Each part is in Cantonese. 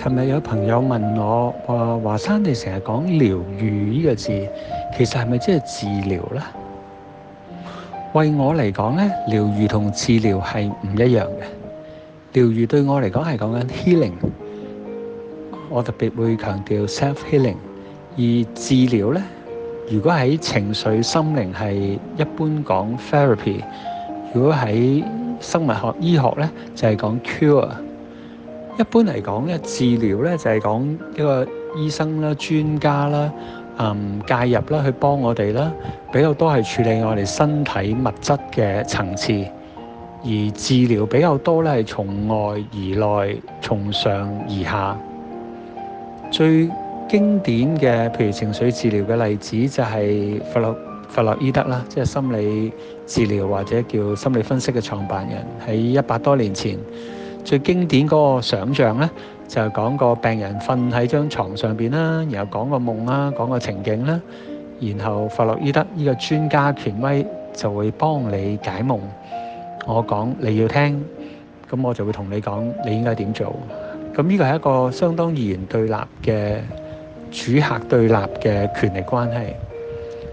琴日有朋友問我話，華山你成日講療癒呢個字，其實係咪即係治療呢？為我嚟講呢，療癒同治療係唔一樣嘅。療癒對我嚟講係講緊 healing，我特別會強調 self healing。而治療呢，如果喺情緒心靈係一般講 therapy，如果喺生物學醫學呢就係講 cure。一般嚟講咧，治療咧就係講一個醫生啦、專家啦、嗯、介入啦，去幫我哋啦。比較多係處理我哋身體物質嘅層次，而治療比較多咧係從外而內，從上而下。最經典嘅，譬如情緒治療嘅例子就係弗洛弗洛伊德啦，即係心理治療或者叫心理分析嘅創辦人，喺一百多年前。最經典嗰個想象呢，就係講個病人瞓喺張牀上邊啦，然後講個夢啦，講個情景啦，然後弗洛伊德呢個專家權威就會幫你解夢。我講你要聽，咁我就會同你講你應該點做。咁呢個係一個相當二元對立嘅主客對立嘅權力關係。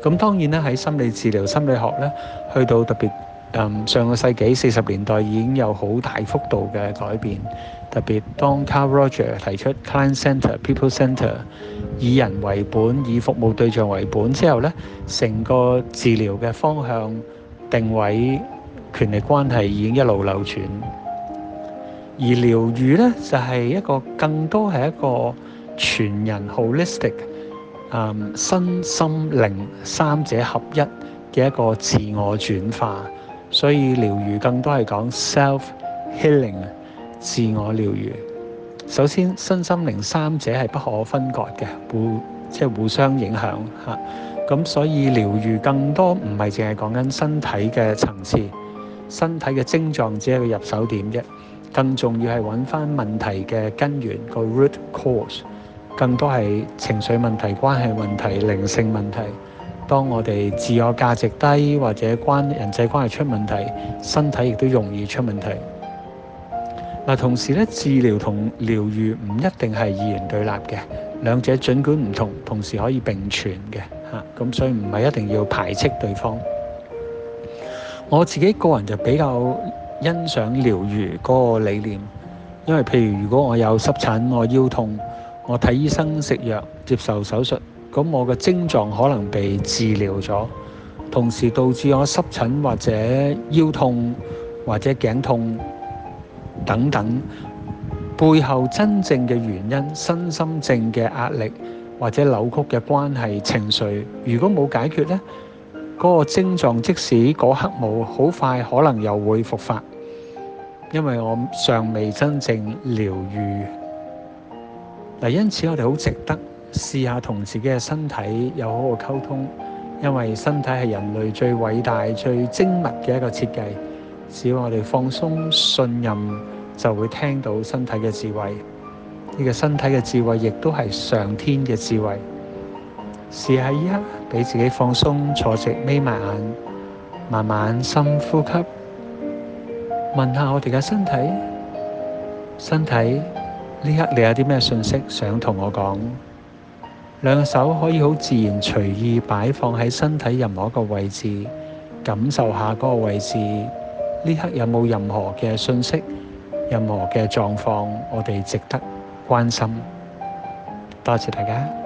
咁當然呢，喺心理治療、心理學呢，去到特別。嗯，上個世紀四十年代已經有好大幅度嘅改變，特別當 Carl Roger 提出 Client Center People Center，以人為本，以服務對象為本之後咧，成個治療嘅方向定位權力關係已經一路流轉。而療癒咧就係、是、一個更多係一個全人 holistic，嗯，身心靈三者合一嘅一個自我轉化。所以療癒更多係講 self healing，自我療癒。首先，身心靈三者係不可分割嘅，互即係、就是、互相影響嚇。咁、啊、所以療癒更多唔係淨係講緊身體嘅層次，身體嘅症狀只係個入手點啫，更重要係揾翻問題嘅根源個 root cause，更多係情緒問題、關係問題、靈性問題。當我哋自我價值低或者關人際關係出問題，身體亦都容易出問題。嗱，同時咧，治療同療癒唔一定係二元對立嘅，兩者儘管唔同，同時可以並存嘅嚇，咁所以唔係一定要排斥對方。我自己個人就比較欣賞療癒嗰個理念，因為譬如如果我有濕疹，我腰痛，我睇醫生、食藥、接受手術。咁我嘅症狀可能被治療咗，同時導致我濕疹或者腰痛或者頸痛等等，背後真正嘅原因，身心症嘅壓力或者扭曲嘅關係、情緒，如果冇解決呢，嗰個症狀即使嗰刻冇，好快可能又會復發，因為我尚未真正療癒。嗱，因此我哋好值得。試下同自己嘅身體有好好溝通，因為身體係人類最偉大、最精密嘅一個設計。只要我哋放鬆、信任，就會聽到身體嘅智慧。呢個身體嘅智慧，亦都係上天嘅智慧。試下依刻，俾自己放鬆，坐直，眯埋眼，慢慢深呼吸。問下我哋嘅身體，身體呢刻你有啲咩信息想同我講？兩手可以好自然隨意擺放喺身體任何一個位置，感受下嗰個位置。呢刻有冇任何嘅訊息、任何嘅狀況，我哋值得關心。多謝大家。